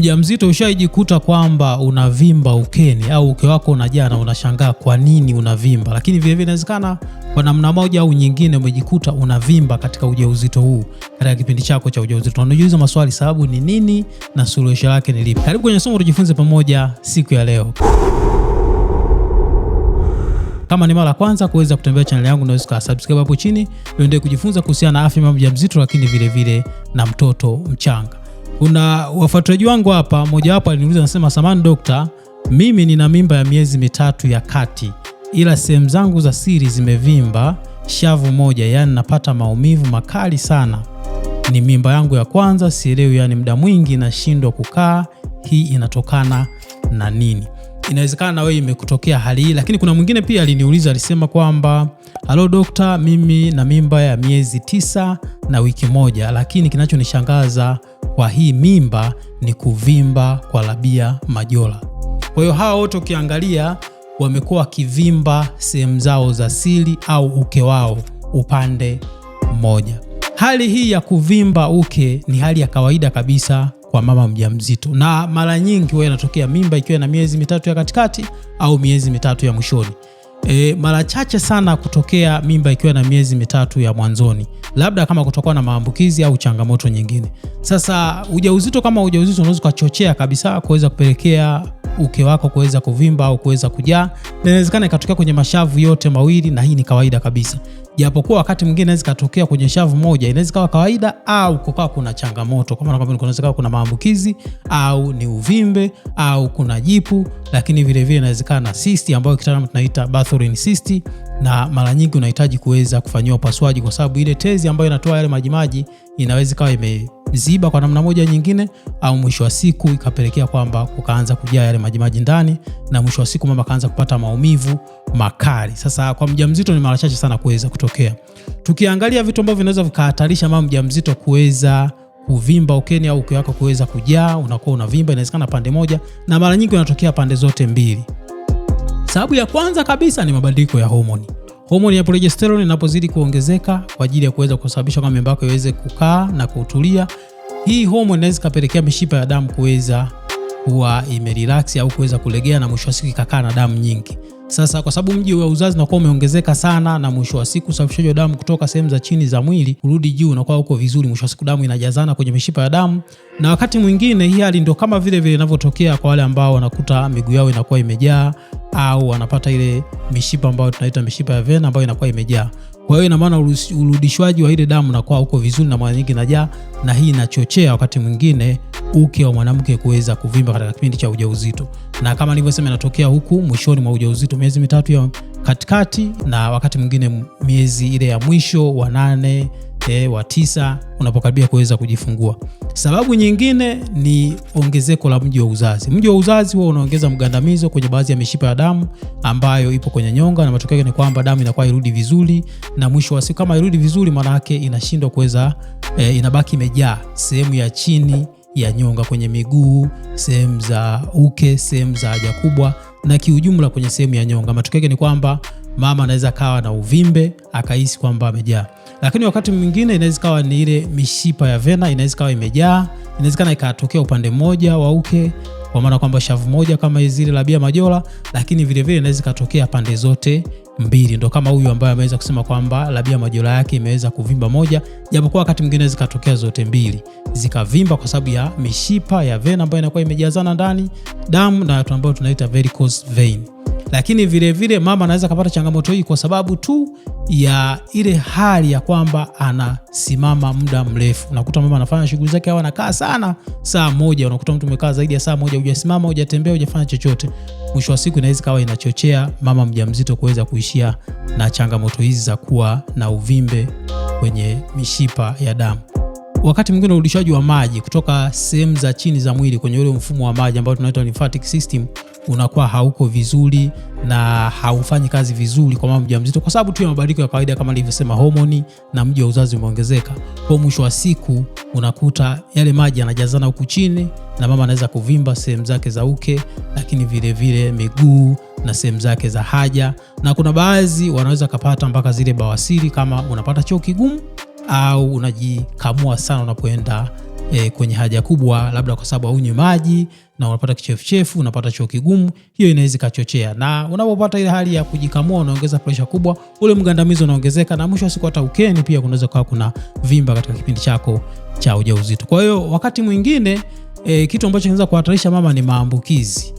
Mjamzito, ushaijikuta kwamba unavimba ukeni au uke wako unajaa na unashangaa kwa nini unavimba? Lakini vilevile inawezekana kwa namna moja au nyingine umejikuta unavimba katika ujauzito huu, katika kipindi chako cha ujauzito. Unajiuliza maswali, sababu ni nini na suluhisho lake ni lipi? Karibu kwenye somo tujifunze pamoja siku ya leo. Kama ni mara ya kwanza kuweza kutembea chaneli yangu, unaweza ka subscribe hapo chini, uendelee kujifunza kuhusiana na afya mama mjamzito, lakini vilevile na mtoto mchanga kuna wafuatiliaji wangu hapa, mojawapo aliniuliza anasema, samani dokta, mimi nina mimba ya miezi mitatu ya kati, ila sehemu zangu za siri zimevimba shavu moja, yaani napata maumivu makali sana. Ni mimba yangu ya kwanza, sielewi, yaani muda mwingi nashindwa kukaa. Hii inatokana na nini? Inawezekana na wewe imekutokea hali hii, lakini kuna mwingine pia aliniuliza, alisema kwamba halo dokta, mimi na mimba ya miezi tisa na wiki moja, lakini kinachonishangaza kwa hii mimba ni kuvimba kwa labia majora. Kwa hiyo hawa wote ukiangalia wamekuwa wakivimba sehemu zao za siri au uke wao upande mmoja. Hali hii ya kuvimba uke ni hali ya kawaida kabisa kwa mama mjamzito, na mara nyingi huwa inatokea mimba ikiwa na miezi mitatu ya katikati au miezi mitatu ya mwishoni. E, mara chache sana kutokea mimba ikiwa na miezi mitatu ya mwanzoni, labda kama kutokuwa na maambukizi au changamoto nyingine. Sasa ujauzito kama ujauzito unaweza ukachochea kabisa kuweza kupelekea uke wako kuweza kuvimba au kuweza kujaa, na inawezekana ikatokea kwenye mashavu yote mawili, na hii ni kawaida kabisa japokuwa wakati mwingine inaweza ikatokea kwenye shavu moja, inaweza ikawa kawaida au kukawa kuna changamoto, kwa maana kwamba kunaweza kawa kuna maambukizi au ni uvimbe au kuna jipu, lakini vilevile inawezekana cyst ambayo kitaalamu tunaita Bartholin cyst, na mara nyingi unahitaji kuweza kufanyiwa upasuaji, kwa sababu ile tezi ambayo inatoa yale majimaji inaweza ikawa ime ziba kwa namna moja nyingine, au mwisho wa siku ikapelekea kwamba kukaanza kujaa yale majimaji ndani, na mwisho wa siku mama kaanza kupata maumivu makali. Sasa kwa mjamzito ni mara chache sana kuweza kutokea. Tukiangalia vitu ambavyo vinaweza vikahatarisha mama mjamzito kuweza kuvimba ukeni au uke wako kuweza kujaa, unakuwa unavimba, inawezekana pande moja, na mara nyingi unatokea pande zote mbili. Sababu ya kwanza kabisa ni mabadiliko ya homoni. Homoni ya progesterone inapozidi kuongezeka kwa ajili ya kuweza kusababisha kwamba mimba yako iweze kukaa na kutulia, hii homoni inaweza ikapelekea mishipa ya damu kuweza kuwa imerelax au kuweza kulegea na mwisho wa siku ikakaa na damu nyingi. Sasa kwa sababu mji wa uzazi unakuwa umeongezeka sana, na mwisho wa siku usafishaji wa damu kutoka sehemu za chini za mwili kurudi juu unakuwa uko vizuri, mwisho wa siku damu inajazana kwenye mishipa ya damu. Na wakati mwingine hii hali ndio kama vile vile inavyotokea kwa wale ambao wanakuta miguu yao inakuwa imejaa au wanapata ile mishipa ambayo tunaita mishipa ya vena ambayo inakuwa imejaa. Kwa hiyo ina maana urudishwaji wa ile damu unakuwa uko vizuri, na mara nyingi inajaa, na hii inachochea wakati mwingine uke wa mwanamke kuweza kuvimba katika kipindi cha ujauzito, na kama nilivyosema, inatokea huku mwishoni mwa ujauzito, miezi mitatu ya katikati, na wakati mwingine miezi ile ya mwisho wa nane E, wa tisa unapokaribia kuweza kujifungua. Sababu nyingine ni ongezeko la mji wa uzazi. Mji wa uzazi huwa unaongeza mgandamizo kwenye baadhi ya mishipa ya damu ambayo ipo kwenye nyonga, na matokeo yake ni kwamba damu inakuwa irudi vizuri, na mwisho wa siku kama irudi vizuri, maana yake inashindwa kuweza e, inabaki imejaa sehemu ya chini ya nyonga kwenye miguu, sehemu za uke, sehemu za haja kubwa na kiujumla kwenye sehemu ya nyonga. Matokeo yake ni kwamba mama anaweza kawa na uvimbe akahisi kwamba amejaa, lakini wakati mwingine inaweza kawa ni ile mishipa ya vena inaweza kawa imejaa, inawezekana ikatokea upande mmoja wa uke kwa maana kwamba shavu moja kama zile la Bia Majola, lakini vilevile inaweza ikatokea pande zote mbili, ndo kama huyu ambaye ameweza kusema kwamba labia majola yake imeweza kuvimba moja, japokuwa wakati mwingine zikatokea zote mbili zikavimba kwa sababu ya mishipa ya vena ambayo inakuwa imejazana ndani damu na ambayo tunaita varicose vein. Lakini vilevile mama anaweza kapata changamoto hii kwa sababu tu ya ile hali ya kwamba anasimama muda mrefu. Unakuta mama anafanya shughuli zake au anakaa sana saa moja, unakuta mtu umekaa zaidi ya saa moja hujasimama, hujatembea, hujafanya chochote. Mwisho wa siku inaweza kawa inachochea mama mjamzito kuweza kuishia na changamoto hizi za kuwa na uvimbe kwenye mishipa ya damu. Wakati mwingine urudishaji wa maji kutoka sehemu za chini za mwili kwenye ule mfumo wa maji ambao tunaita lymphatic system unakuwa hauko vizuri na haufanyi kazi vizuri kwa mama mjamzito, kwa sababu tu ya mabadiliko ya kawaida kama nilivyosema, homoni na mji wa uzazi umeongezeka. Kwa mwisho wa siku unakuta yale maji yanajazana huku chini na mama anaweza kuvimba sehemu zake za uke, lakini vilevile miguu na sehemu zake za haja, na kuna baadhi wanaweza kapata mpaka zile bawasiri kama unapata choo kigumu au unajikamua sana unapoenda e, kwenye haja kubwa, labda kwa sababu haunywi maji na unapata kichefuchefu, unapata choo kigumu, hiyo inaweza ikachochea. Na unapopata ile hali ya kujikamua, unaongeza pressure kubwa, ule mgandamizo unaongezeka, na mwisho wa siku hata ukeni pia kunaweza kuwa kuna vimba katika kipindi chako cha ujauzito. Kwa hiyo wakati mwingine e, kitu ambacho kinaweza kuhatarisha mama ni maambukizi,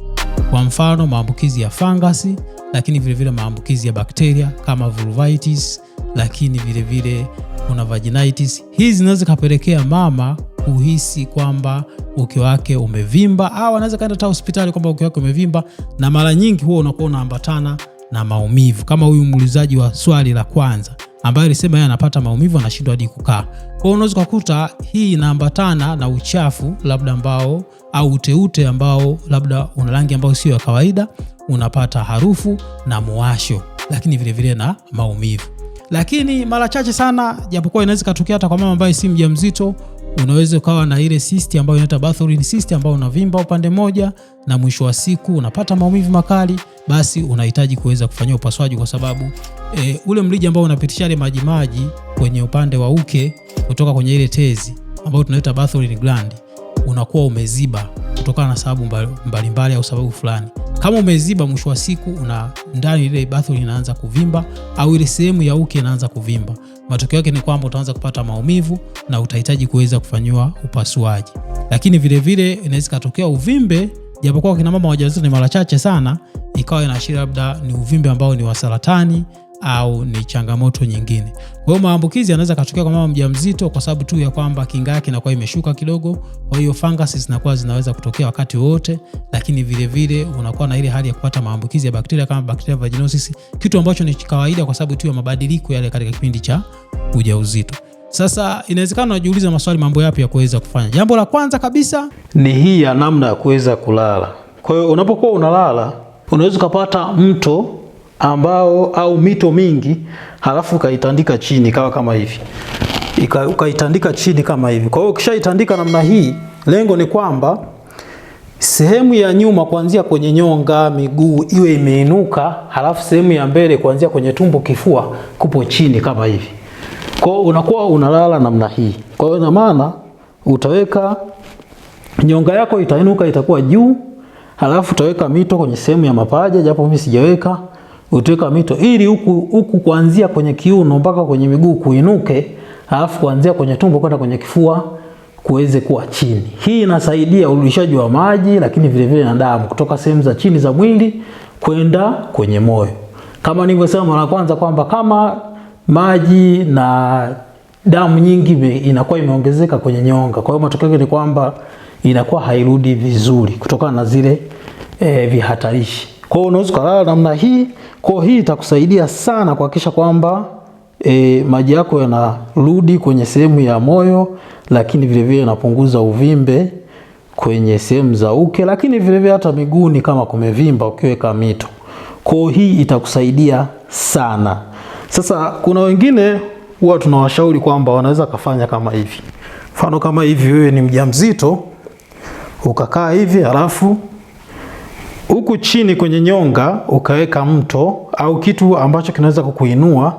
kwa mfano maambukizi ya fangasi, lakini vilevile maambukizi ya bakteria kama vulvitis, lakini vilevile kuna vaginitis. Hizi zinaweza kapelekea mama kuhisi kwamba uke wake umevimba, au anaweza kaenda hata hospitali kwamba uke wake umevimba, na mara nyingi huwa unakuwa unaambatana na maumivu, kama huyu muulizaji wa swali la kwanza ambaye alisema yeye anapata maumivu, anashindwa hadi kukaa. Kwa hiyo unaweza kukuta hii inaambatana na uchafu labda ambao au uteute ambao labda una rangi ambayo sio ya kawaida, unapata harufu na muwasho, lakini vilevile na maumivu lakini mara chache sana, japokuwa inaweza ikatokea hata kwa mama ambaye si mjamzito, unaweza ukawa na ile cyst ambayo inaitwa Bartholin cyst ambayo unavimba upande mmoja na mwisho wa siku unapata maumivu makali, basi unahitaji kuweza kufanyia upasuaji kwa sababu e, ule mrija ambao unapitisha ile maji maji kwenye upande wa uke kutoka kwenye ile tezi ambayo tunaita Bartholin gland unakuwa umeziba kutokana na sababu mbalimbali au sababu fulani. Kama umeziba, mwisho wa siku una ndani ile bathroom inaanza kuvimba au ile sehemu ya uke inaanza kuvimba. Matokeo yake ni kwamba utaanza kupata maumivu na utahitaji kuweza kufanyiwa upasuaji. Lakini vile vile inaweza ikatokea uvimbe, japokuwa kina mama wajawazito ni mara chache sana, ikawa inaashiria labda ni uvimbe ambao ni wa saratani au ni changamoto nyingine. Kwa hiyo maambukizi yanaweza katokea kwa mama mjamzito kwa sababu tu ya kwamba kinga yake inakuwa imeshuka kidogo, kwa hiyo fungus zinakuwa zinaweza kutokea wakati wote, lakini vile vile unakuwa na ile hali ya kupata maambukizi ya bakteria kama bacteria vaginosis, kitu ambacho ni kawaida kwa sababu tu ya mabadiliko yale katika kipindi cha ujauzito. Sasa inawezekana unajiuliza maswali, mambo yapi ya kuweza kufanya? Jambo la kwanza kabisa ni hii ya namna ya kuweza kulala. Kwa hiyo unapokuwa unalala unaweza ukapata mto ambao au mito mingi, halafu ukaitandika chini kawa kama hivi, ukaitandika chini kama hivi. Kwa hiyo ukishaitandika namna hii, lengo ni kwamba sehemu ya nyuma kuanzia kwenye nyonga, miguu iwe imeinuka, halafu sehemu ya mbele kuanzia kwenye tumbo, kifua kupo chini kama hivi. Kwa hiyo unakuwa unalala namna hii. Kwa hiyo ina maana utaweka nyonga yako itainuka, itakuwa juu, halafu utaweka mito kwenye sehemu ya mapaja, japo mimi sijaweka utaweka mito ili huku huku kuanzia kwenye kiuno mpaka kwenye miguu kuinuke, alafu kuanzia kwenye tumbo kwenda kwenye kifua kuweze kuwa chini. Hii inasaidia urudishaji wa maji, lakini vile vile na damu kutoka sehemu za chini za mwili kwenda kwenye moyo. Kama nilivyosema mara kwanza kwamba kama maji na damu nyingi inakuwa imeongezeka kwenye nyonga, kwa hiyo matokeo ni kwamba inakuwa hairudi vizuri kutokana na zile e, vihatarishi. Kwa hiyo unaweza kulala namna hii. Kwa hii itakusaidia sana kuhakikisha kwamba e, maji yako yanarudi kwenye sehemu ya moyo, lakini vile vile inapunguza uvimbe kwenye sehemu za uke, lakini vile vile hata miguuni kama kumevimba ukiweka mito. Kwa hii itakusaidia sana. Sasa kuna wengine huwa tunawashauri kwamba wanaweza kafanya kama hivi. Mfano kama hivi, wewe ni mjamzito ukakaa hivi halafu Huku chini kwenye nyonga ukaweka mto au kitu ambacho kinaweza kukuinua.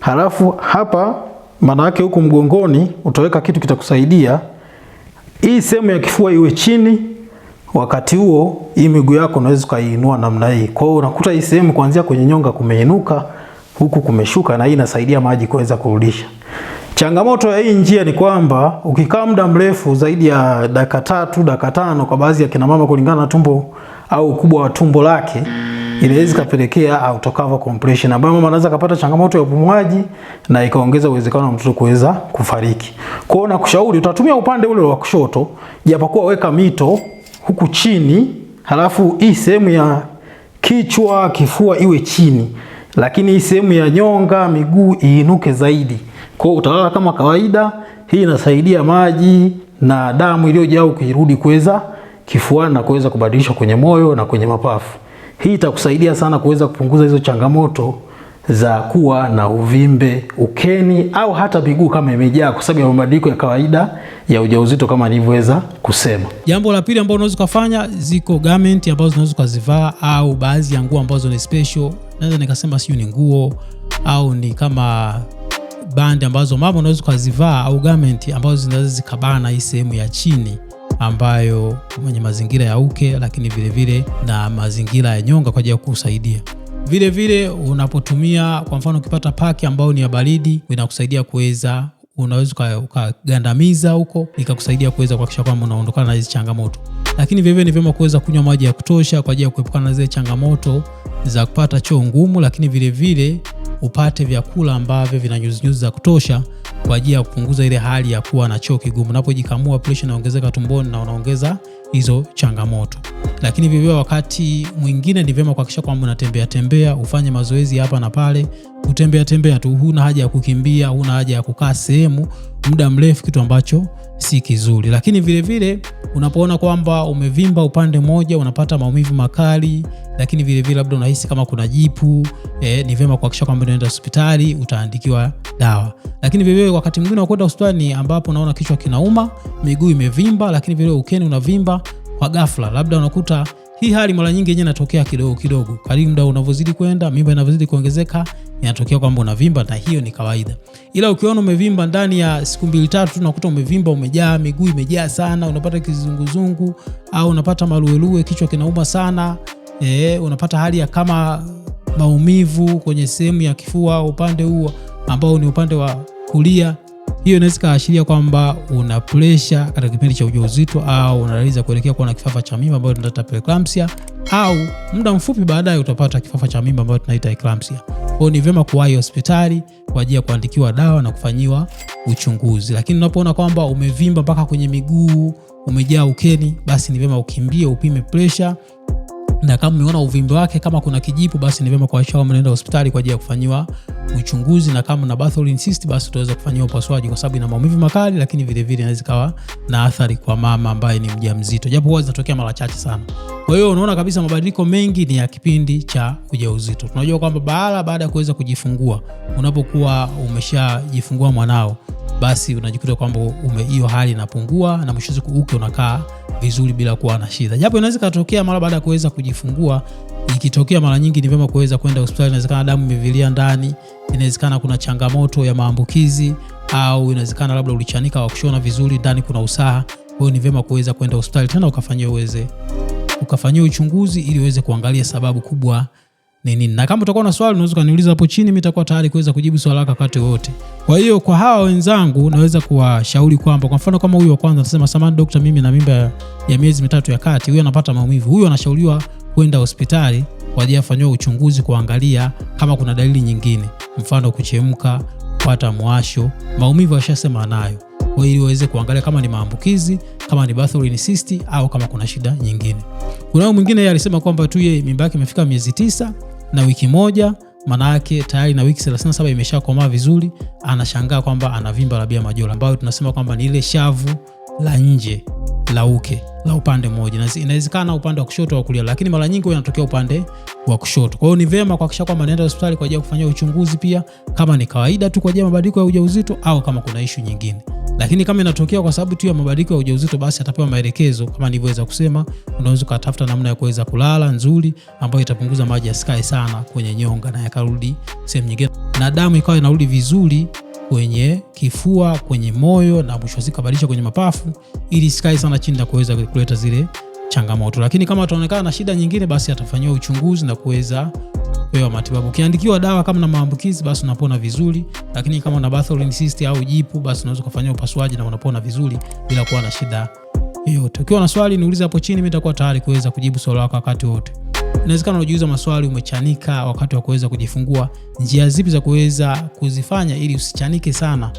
Halafu hapa maana yake huku mgongoni utaweka kitu kitakusaidia hii sehemu ya kifua iwe chini. Wakati huo hii miguu yako unaweza kuinua namna hii. Kwa hiyo unakuta hii sehemu kuanzia kwenye nyonga kumeinuka, huku kumeshuka, na hii inasaidia maji kuweza kurudisha. Changamoto ya hii njia ni kwamba ukikaa muda mrefu zaidi ya dakika tatu, dakika tano, kwa baadhi ya kina mama kulingana na tumbo au ukubwa wa tumbo lake inaweza ikapelekea autocaval compression ambayo mama anaweza kupata changamoto ya upumuaji na ikaongeza uwezekano wa mtoto kuweza kufariki. Kwa hiyo nakushauri utatumia upande ule wa kushoto, japokuwa weka mito huku chini, halafu hii sehemu ya kichwa, kifua iwe chini, lakini hii sehemu ya nyonga, miguu iinuke zaidi. Kwa hiyo utalala kama kawaida. Hii inasaidia maji na damu iliyojaa ukirudi kuweza kifuani na kuweza kubadilishwa kwenye moyo na kwenye mapafu. Hii itakusaidia sana kuweza kupunguza hizo changamoto za kuwa na uvimbe ukeni au hata miguu kama imejaa kwa sababu ya mabadiliko ya kawaida ya ujauzito kama nilivyoweza kusema. Jambo la pili ambalo unaweza kufanya, ziko garment ambazo unaweza ukazivaa au baadhi ya nguo ambazo ni special, naweza nikasema siyo ni nguo au ni kama band ambazo mama unaweza ukazivaa au garment ambazo zinaweza zikabana hii sehemu ya chini ambayo mwenye mazingira ya uke, lakini vilevile vile na mazingira ya nyonga kwa ajili ya kusaidia vile unapotumia kwa mfano, ukipata paki ambayo ni ya baridi inakusaidia kuweza, unaweza ukagandamiza huko, ikakusaidia kuweza kuhakikisha kwamba unaondokana na hizi changamoto. Lakini vilevile ni vyema kuweza kunywa maji ya kutosha kwa ajili ya kuepukana na zile changamoto za kupata choo ngumu, lakini vilevile vile, upate vyakula ambavyo vina nyuzinyuzi za kutosha kwa ajili ya kupunguza ile hali ya kuwa na choo kigumu. Unapojikamua pressure inaongezeka tumboni na unaongeza hizo changamoto. Lakini vivyo wakati mwingine ni vyema kuhakikisha kwamba unatembea tembea, ufanye mazoezi hapa na pale, kutembea tembea tu. Huna haja ya kukimbia, huna haja ya kukaa sehemu muda mrefu, kitu ambacho si kizuri. Lakini vilevile unapoona kwamba umevimba upande mmoja, unapata maumivu makali, lakini vilevile labda unahisi kama kuna jipu eh, ni vyema kuhakikisha kwamba unaenda hospitali, utaandikiwa dawa. Lakini vilevile wakati mwingine unakwenda hospitali ambapo unaona kichwa kinauma, miguu imevimba, lakini vile ukeni unavimba kwa ghafla, labda unakuta hii hali mara nyingi yenyewe inatokea kidogo kidogo, kadiri muda unavyozidi kwenda, mimba inavyozidi kuongezeka, inatokea kwamba unavimba, na hiyo ni kawaida. Ila ukiona umevimba ndani ya siku mbili tatu, unakuta umevimba, umejaa, miguu imejaa sana, unapata kizunguzungu au unapata maluelue, kichwa kinauma sana e, unapata hali ya kama maumivu kwenye sehemu ya kifua upande huo ambao ni upande wa kulia hiyo inaweza kaashiria kwamba una pressure katika kipindi cha ujauzito au unaliza kuelekea kuwa na kifafa cha mimba ambayo tunaita preeclampsia au muda mfupi baadaye utapata kifafa cha mimba ambayo tunaita eclampsia. Kwa hiyo ni vyema kuwahi hospitali kwa ajili ya kuandikiwa dawa na kufanyiwa uchunguzi. Lakini unapoona kwamba umevimba mpaka kwenye miguu, umejaa ukeni, basi ni vyema ukimbie upime pressure na kama umeona uvimbe wake kama kuna kijipu, basi ni vyema kuashauri mnaenda hospitali kwa ajili ya kufanyiwa uchunguzi, na kama na Bartholin insist basi utaweza kufanyia upasuaji kwa sababu ina maumivu makali, lakini vile vile inaweza kawa na athari kwa mama ambaye ni mjamzito, japo huwa zinatokea mara chache sana. Kwa hiyo unaona kabisa mabadiliko mengi ni ya kipindi cha ujauzito. Tunajua kwamba baada baada ya kuweza kujifungua, unapokuwa umeshajifungua mwanao basi unajikuta kwamba hiyo hali inapungua na mwisho siku uke unakaa vizuri bila kuwa na shida, japo inaweza katokea mara baada ya kuweza kujifungua, Ikitokea mara nyingi ni vyema kuweza kwenda hospitali. Inawezekana damu imevilia ndani, inawezekana kuna changamoto ya maambukizi, au inawezekana labda ulichanika wa kushona vizuri, ndani kuna usaha. Kwa hiyo ni vyema kuweza kwenda hospitali tena ukafanyia uweze ukafanyia uchunguzi ili uweze kuangalia sababu kubwa ni nini. Na kama utakuwa na swali unaweza kuniuliza hapo chini, mimi nitakuwa tayari kuweza kujibu swali lako wakati wote. Kwa hiyo kwa hawa wenzangu naweza kuwashauri kwamba kwa mfano kama huyu wa kwanza anasema, samahani daktari, mimi na mimba ya miezi mitatu ya kati, huyu anapata maumivu, huyu anashauriwa kwenda hospitali kwa ajili ya kufanyiwa uchunguzi kuangalia kama kuna dalili nyingine, mfano kuchemka, kupata mwasho, maumivu ashasema nayo, kwa hiyo ili waweze kuangalia kama ni maambukizi, kama ni bathroom cyst au kama kuna shida nyingine. Kuna mwingine yeye alisema kwamba tu yeye mimba yake imefika miezi tisa na wiki moja maana yake tayari na wiki 37 imeshakomaa vizuri, anashangaa kwamba ana vimba la bia majora, ambayo tunasema kwamba ni ile shavu la nje lauke la upande mmoja, inawezekana upande wa kushoto au kulia, lakini mara nyingi inatokea upande wa kushoto. Kwa hiyo ni vema kuhakikisha kwamba naenda hospitali kwa ajili ya kufanyia uchunguzi, pia kama ni kawaida tu kwa ajili ya mabadiliko ya ujauzito au kama kuna ishu nyingine. Lakini kama inatokea kwa sababu tu ya mabadiliko ya ujauzito, basi atapewa maelekezo kama nilivyoweza kusema. Unaweza ukatafuta namna ya kuweza kulala nzuri ambayo itapunguza maji yasikae sana kwenye nyonga na yakarudi sehemu nyingine, na damu ikawa inarudi vizuri kwenye kifua, kwenye moyo na mwisho zikabadilisha kwenye mapafu, ili sikai sana chini na kuweza kuleta zile changamoto. Lakini kama ataonekana na shida nyingine, basi atafanyiwa uchunguzi na kuweza kupewa matibabu. Ukiandikiwa dawa kama na maambukizi, basi unapona vizuri, lakini kama una Bartholin cyst au jipu, basi unaweza kufanyiwa upasuaji na unapona vizuri bila kuwa na shida yoyote. Ukiwa na swali niulize hapo chini, mimi nitakuwa tayari kuweza kujibu swali lako wakati wote. Inawezekana unajiuliza maswali, umechanika wakati wa kuweza kujifungua. Njia zipi za kuweza kuzifanya ili usichanike sana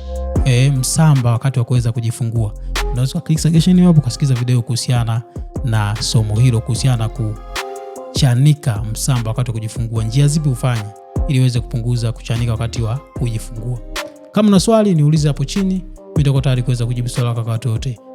e, msamba wakati wa kuweza kujifungua? Unaweza click suggestion hapo ukasikiza video kuhusiana na somo hilo, kuhusiana na kuchanika msamba wakati wa kujifungua, njia zipi ufanye ili uweze kupunguza kuchanika wakati wa kujifungua. Kama una swali niulize hapo chini, mimi nitakuwa tayari kuweza kujibu swali lako wakati wote.